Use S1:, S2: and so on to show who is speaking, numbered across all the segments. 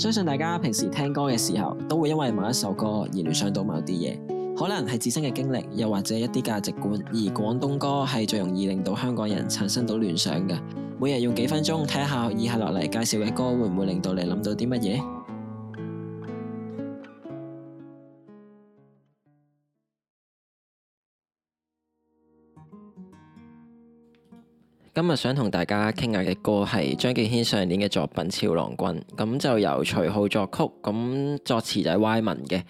S1: 相信大家平時聽歌嘅時候，都會因為某一首歌而聯想到某啲嘢，可能係自身嘅經歷，又或者一啲價值觀，而廣東歌係最容易令到香港人產生到聯想嘅。每日用幾分鐘睇下以下落嚟介紹嘅歌，會唔會令到你諗到啲乜嘢？今日想同大家傾下嘅歌係張敬軒上年嘅作品《俏郎君》，咁就由徐浩作曲，咁作詞就係歪文嘅，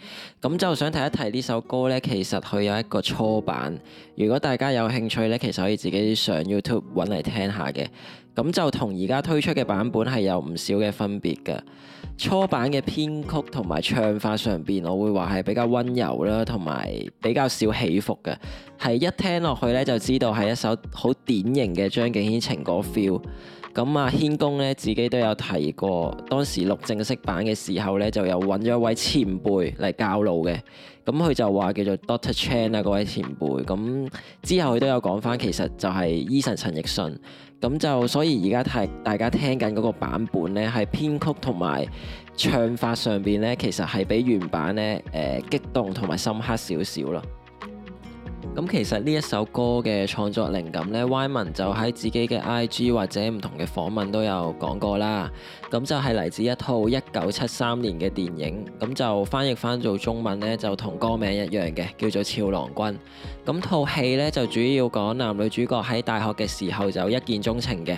S1: 咁就想提一提呢首歌呢，其實佢有一個初版，如果大家有興趣呢，其實可以自己上 YouTube 揾嚟聽下嘅，咁就同而家推出嘅版本係有唔少嘅分別嘅。初版嘅編曲同埋唱法上面，我會話係比較溫柔啦，同埋比較少起伏嘅，係一聽落去咧就知道係一首好典型嘅張敬軒情歌 feel。咁啊，軒公咧自己都有提過，當時錄正式版嘅時候咧，就有揾咗一位前輩嚟教路嘅。咁佢就話叫做 Doctor Chan 啊嗰位前輩。咁之後佢都有講翻，其實就係醫生陳奕迅。咁就所以而家睇大家聽緊嗰個版本咧，喺編曲同埋唱法上邊咧，其實係比原版咧誒、呃、激動同埋深刻少少咯。咁其實呢一首歌嘅創作靈感呢 Y 文就喺自己嘅 IG 或者唔同嘅訪問都有講過啦。咁就係嚟自一套一九七三年嘅電影，咁就翻譯返做中文呢，就同歌名一樣嘅，叫做《俏郎君》。咁套戲呢，就主要講男女主角喺大學嘅時候就一見鍾情嘅。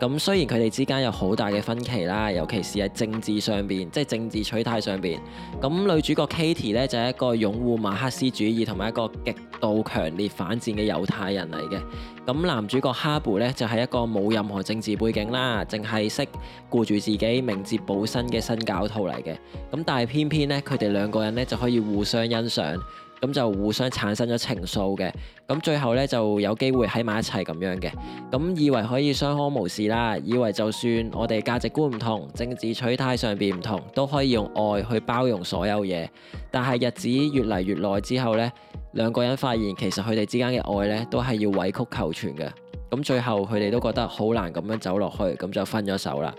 S1: 咁雖然佢哋之間有好大嘅分歧啦，尤其是係政治上邊，即係政治取態上邊。咁女主角 Katie 咧就係、是、一個擁護馬克思主義同埋一個極度強烈反戰嘅猶太人嚟嘅。咁男主角哈 a r 咧就係、是、一個冇任何政治背景啦，淨係識顧住自己名節保身嘅新教徒嚟嘅。咁但係偏偏咧，佢哋兩個人咧就可以互相欣賞。咁就互相產生咗情愫嘅，咁最後咧就有機會喺埋一齊咁樣嘅，咁以為可以相安無事啦，以為就算我哋價值觀唔同，政治取態上邊唔同，都可以用愛去包容所有嘢。但係日子越嚟越耐之後咧，兩個人發現其實佢哋之間嘅愛咧都係要委曲求全嘅，咁最後佢哋都覺得好難咁樣走落去，咁就分咗手啦。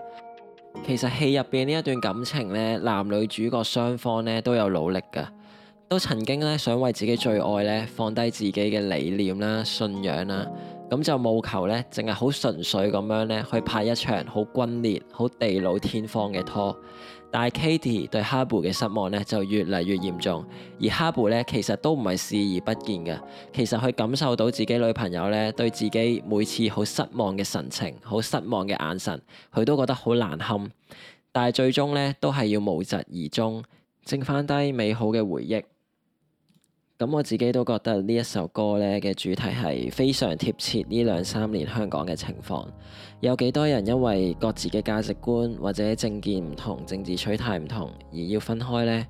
S1: 其實戲入邊呢一段感情咧，男女主角雙方咧都有努力噶。都曾經咧想為自己最愛咧放低自己嘅理念啦、信仰啦，咁就冒求咧，淨係好純粹咁樣咧去拍一場好轟烈、好地老天荒嘅拖。但係 Katie 對哈 u 嘅失望咧就越嚟越嚴重，而哈 u 咧其實都唔係視而不見嘅，其實佢感受到自己女朋友咧對自己每次好失望嘅神情、好失望嘅眼神，佢都覺得好難堪。但係最終咧都係要無疾而終，剩翻低美好嘅回憶。咁我自己都覺得呢一首歌呢嘅主題係非常貼切呢兩三年香港嘅情況，有幾多人因為各自嘅價值觀或者政見唔同、政治取態唔同而要分開呢？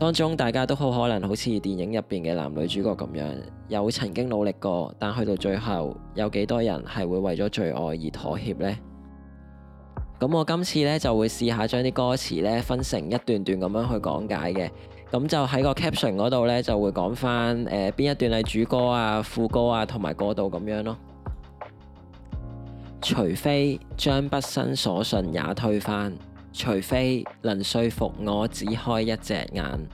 S1: 當中大家都好可能好似電影入邊嘅男女主角咁樣，有曾經努力過，但去到最後，有幾多人係會為咗最愛而妥協呢？咁我今次呢就會試下將啲歌詞呢分成一段段咁樣去講解嘅。咁就喺個 caption 嗰度呢，就會講翻誒邊一段係主歌啊、副歌啊同埋過渡咁樣咯。啊、除非將畢生所信也推翻，除非能說服我只開一隻眼，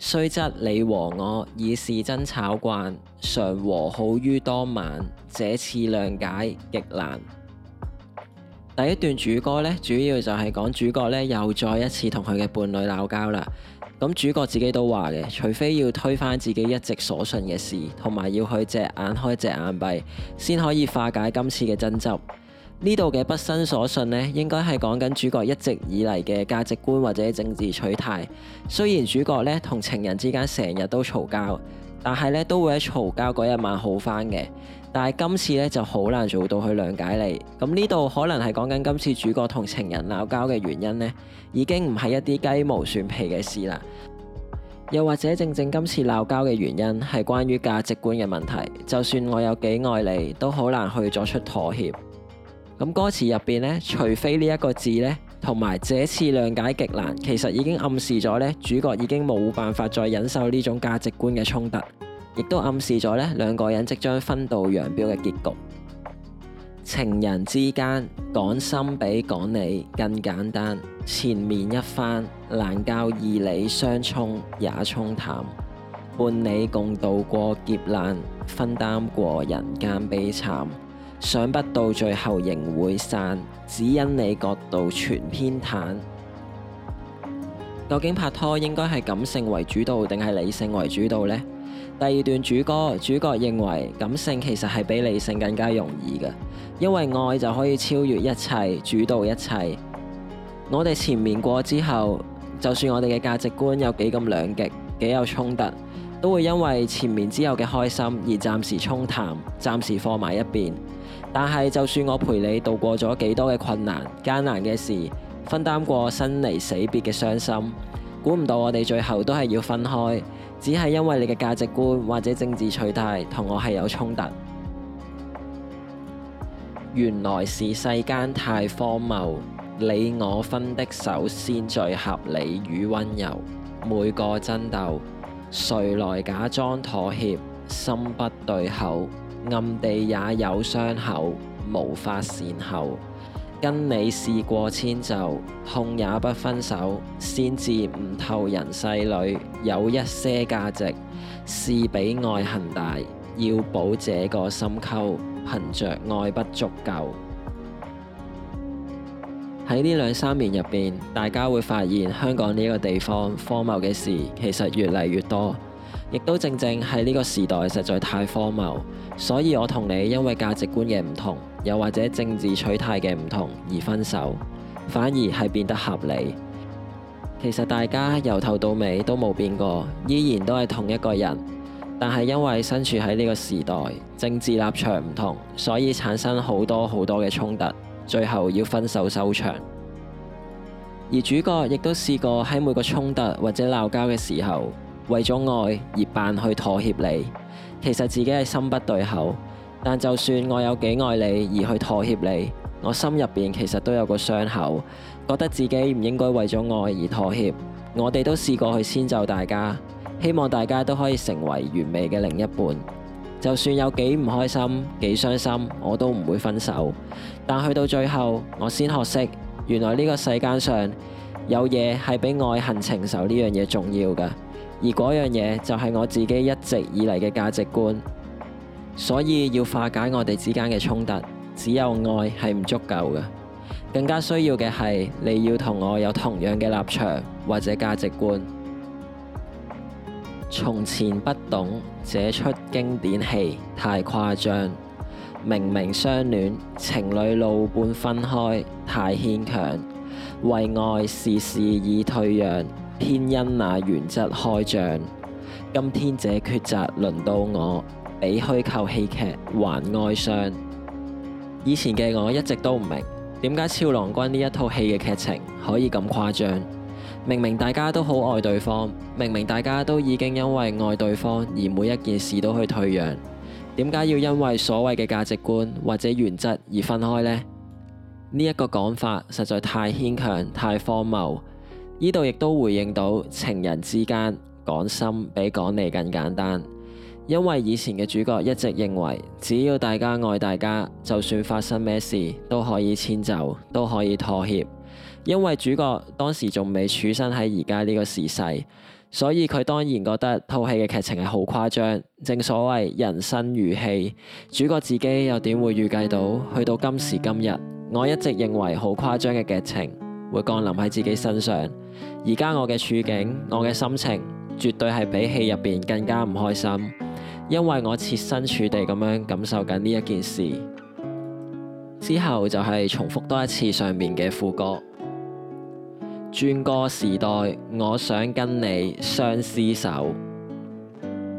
S1: 雖則你和我已是爭吵慣，常和好於當晚，這次諒解極難。第一段主歌呢，主要就係講主角呢，又再一次同佢嘅伴侶鬧交啦。咁主角自己都話嘅，除非要推翻自己一直所信嘅事，同埋要去隻眼開隻眼閉，先可以化解今次嘅爭執。呢度嘅畢生所信呢，應該係講緊主角一直以嚟嘅價值觀或者政治取態。雖然主角呢，同情人之間成日都嘈交。但係咧都會喺嘈交嗰一晚好翻嘅，但係今次咧就好難做到去諒解你。咁呢度可能係講緊今次主角同情人鬧交嘅原因呢，已經唔係一啲雞毛蒜皮嘅事啦。又或者正正今次鬧交嘅原因係關於價值觀嘅問題，就算我有幾愛你，都好難去作出妥協。咁、嗯、歌詞入邊呢，除非呢一個字呢。同埋這次諒解極難，其實已經暗示咗咧，主角已經冇辦法再忍受呢種價值觀嘅衝突，亦都暗示咗咧，兩個人即將分道揚鑣嘅結局。情人之間講心比講理更簡單，纏綿一番難教義理相沖也沖淡，伴你共渡過劫難，分擔過人間悲慘。想不到最後仍會散，只因你角度存偏袒。究竟拍拖應該係感性為主導，定係理性為主導呢？第二段主歌主角認為感性其實係比理性更加容易嘅，因為愛就可以超越一切，主導一切。我哋纏綿過之後，就算我哋嘅價值觀有幾咁兩極，幾有衝突，都會因為纏綿之後嘅開心而暫時沖淡，暫時放埋一邊。但係，就算我陪你度過咗幾多嘅困難、艱難嘅事，分擔過生離死別嘅傷心，估唔到我哋最後都係要分開，只係因為你嘅價值觀或者政治取態同我係有衝突。原來是世間太荒謬，你我分的手先最合理與溫柔。每個爭鬥，誰來假裝妥協？心不對口。暗地也有傷口，無法善後。跟你試過遷就，痛也不分手。先至悟透人世裏有一些價值，是比愛恨大。要補這個深溝，憑着愛不足夠。喺呢 兩三年入邊，大家會發現香港呢個地方荒謬嘅事其實越嚟越多。亦都正正喺呢個時代實在太荒謬，所以我同你因為價值觀嘅唔同，又或者政治取態嘅唔同而分手，反而係變得合理。其實大家由頭到尾都冇變過，依然都係同一個人，但係因為身處喺呢個時代，政治立場唔同，所以產生好多好多嘅衝突，最後要分手收場。而主角亦都試過喺每個衝突或者鬧交嘅時候。為咗愛而扮去妥協你，其實自己係心不對口。但就算我有幾愛你而去妥協你，我心入邊其實都有個傷口，覺得自己唔應該為咗愛而妥協。我哋都試過去遷就大家，希望大家都可以成為完美嘅另一半。就算有幾唔開心、幾傷心，我都唔會分手。但去到最後，我先學識原來呢個世間上有嘢係比愛恨情仇呢樣嘢重要嘅。而嗰樣嘢就係我自己一直以嚟嘅價值觀，所以要化解我哋之間嘅衝突，只有愛係唔足夠嘅，更加需要嘅係你要同我有同樣嘅立場或者價值觀。從前不懂這齣經典戲太誇張，明明相戀情侶路半分開太牽強，為愛事事已退讓。偏因那原則開仗，今天這抉擇輪到我，比虛構戲劇還哀傷。以前嘅我一直都唔明，點解俏郎君呢一套戲嘅劇情可以咁誇張？明明大家都好愛對方，明明大家都已經因為愛對方而每一件事都去退讓，點解要因為所謂嘅價值觀或者原則而分開呢？呢、這、一個講法實在太牽強，太荒謬。呢度亦都回應到，情人之間講心比講理更簡單，因為以前嘅主角一直認為，只要大家愛大家，就算發生咩事都可以遷就，都可以妥協。因為主角當時仲未處身喺而家呢個時勢，所以佢當然覺得套戲嘅劇情係好誇張。正所謂人生如戲，主角自己又點會預計到去到今時今日，我一直認為好誇張嘅劇情。會降臨喺自己身上。而家我嘅處境，我嘅心情，絕對係比戲入邊更加唔開心，因為我設身處地咁樣感受緊呢一件事。之後就係重複多一次上面嘅副歌。轉個時代，我想跟你相廝守。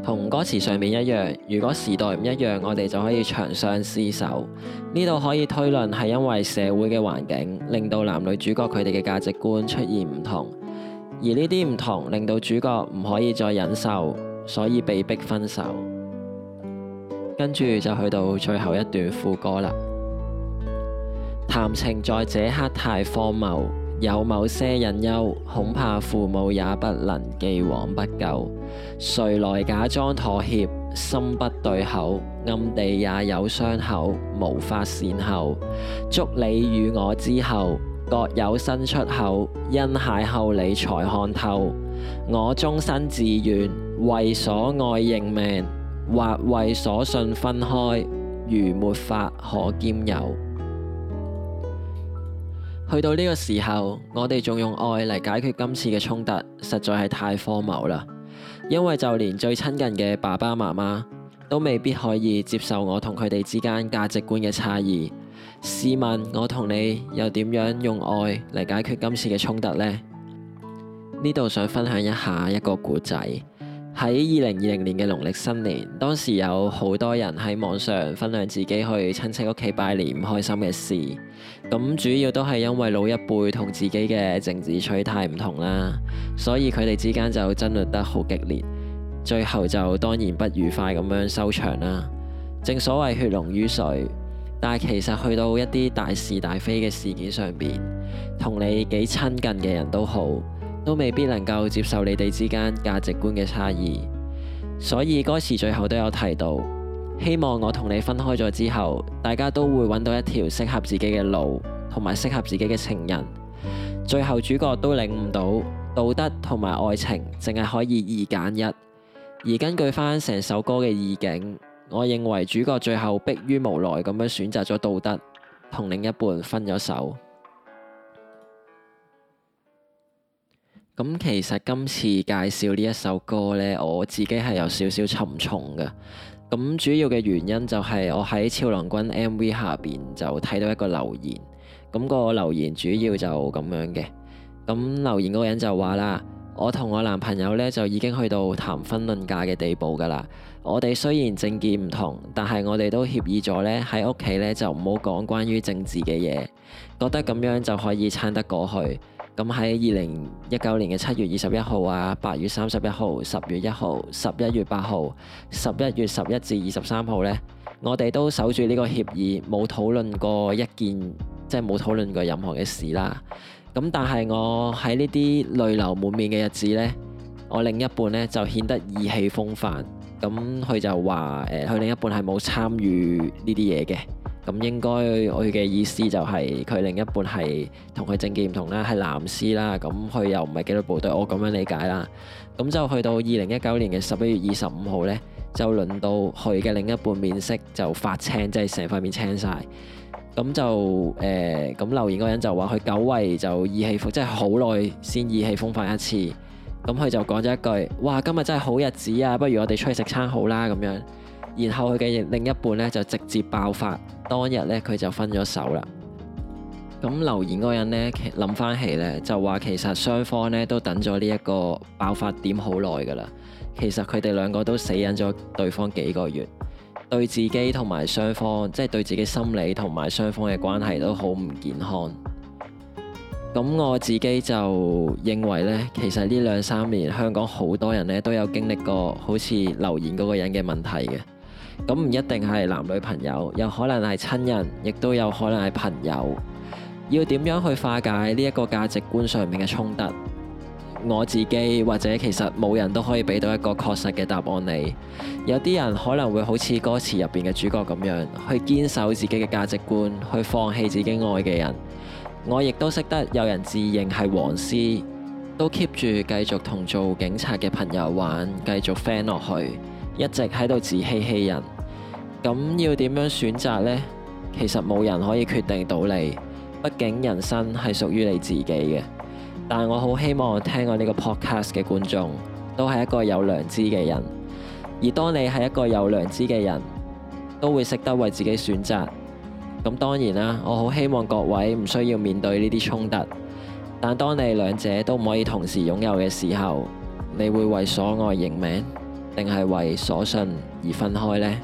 S1: 同歌詞上面一樣，如果時代唔一樣，我哋就可以長相廝守。呢度可以推論係因為社會嘅環境令到男女主角佢哋嘅價值觀出現唔同，而呢啲唔同令到主角唔可以再忍受，所以被迫分手。跟住就去到最後一段副歌啦，談情在這刻太荒謬。有某些隱憂，恐怕父母也不能既往不咎。誰來假裝妥協？心不對口，暗地也有傷口，無法善後。祝你與我之後各有新出口，因邂逅你才看透。我終身志願為所愛認命，或為所信分開，如沒法可兼有。去到呢個時候，我哋仲用愛嚟解決今次嘅衝突，實在係太荒謬啦！因為就連最親近嘅爸爸媽媽，都未必可以接受我同佢哋之間價值觀嘅差異。試問我同你又點樣用愛嚟解決今次嘅衝突呢？呢度想分享一下一個故仔。喺二零二零年嘅農曆新年，當時有好多人喺網上分享自己去親戚屋企拜年唔開心嘅事，咁主要都係因為老一輩同自己嘅政治取態唔同啦，所以佢哋之間就爭論得好激烈，最後就當然不愉快咁樣收場啦。正所謂血濃於水，但係其實去到一啲大是大非嘅事件上邊，同你幾親近嘅人都好，都未必能夠接受你哋之間價值觀嘅差異，所以歌詞最後都有提到，希望我同你分開咗之後，大家都會揾到一條適合自己嘅路，同埋適合自己嘅情人。最後主角都領悟到道德同埋愛情，淨係可以二揀一。而根據翻成首歌嘅意境，我認為主角最後迫於無奈咁樣選擇咗道德，同另一半分咗手。咁其實今次介紹呢一首歌呢，我自己係有少少沉重嘅。咁主要嘅原因就係我喺俏郎君 MV 下邊就睇到一個留言，咁個留言主要就咁樣嘅。咁留言嗰個人就話啦：我同我男朋友呢，就已經去到談婚論嫁嘅地步噶啦。我哋雖然政見唔同，但係我哋都協議咗呢，喺屋企呢就唔好講關於政治嘅嘢，覺得咁樣就可以撐得過去。咁喺二零一九年嘅七月二十一號啊，八月三十一號、十月一號、十一月八號、十一月十一至二十三號呢，我哋都守住呢個協議，冇討論過一件，即係冇討論過任何嘅事啦。咁但係我喺呢啲淚流滿面嘅日子呢，我另一半呢就顯得意氣風發。咁佢就話：誒、呃，佢另一半係冇參與呢啲嘢嘅。咁應該我嘅意思就係、是、佢另一半係同佢政見唔同啦，係藍絲啦，咁佢又唔係紀律部隊，我咁樣理解啦。咁就去到二零一九年嘅十一月二十五號呢，就輪到佢嘅另一半面色就發青，即係成塊面青晒。咁就誒，咁、呃、留言嗰人就話佢久違就意氣風，即係好耐先意氣風發一次。咁佢就講咗一句：哇，今日真係好日子啊！不如我哋出去食餐好啦，咁樣。然後佢嘅另一半咧就直接爆發，當日咧佢就分咗手啦。咁留言嗰個人咧，諗翻起咧就話，其實雙方咧都等咗呢一個爆發點好耐噶啦。其實佢哋兩個都死忍咗對方幾個月，對自己同埋雙方，即係對自己心理同埋雙方嘅關係都好唔健康。咁我自己就認為咧，其實呢兩三年香港好多人咧都有經歷過好似留言嗰個人嘅問題嘅。咁唔一定係男女朋友，有可能係親人，亦都有可能係朋友。要點樣去化解呢一個價值觀上面嘅衝突？我自己或者其實冇人都可以俾到一個確實嘅答案你。有啲人可能會好似歌詞入邊嘅主角咁樣，去堅守自己嘅價值觀，去放棄自己愛嘅人。我亦都識得有人自認係黃絲，都 keep 住繼續同做警察嘅朋友玩，繼續 friend 落去。一直喺度自欺欺人，咁要點樣選擇呢？其實冇人可以決定到你，畢竟人生係屬於你自己嘅。但我好希望我聽我呢個 podcast 嘅觀眾都係一個有良知嘅人，而當你係一個有良知嘅人，都會識得為自己選擇。咁當然啦，我好希望各位唔需要面對呢啲衝突。但當你兩者都唔可以同時擁有嘅時候，你會為所愛認命？定係為所信而分開呢？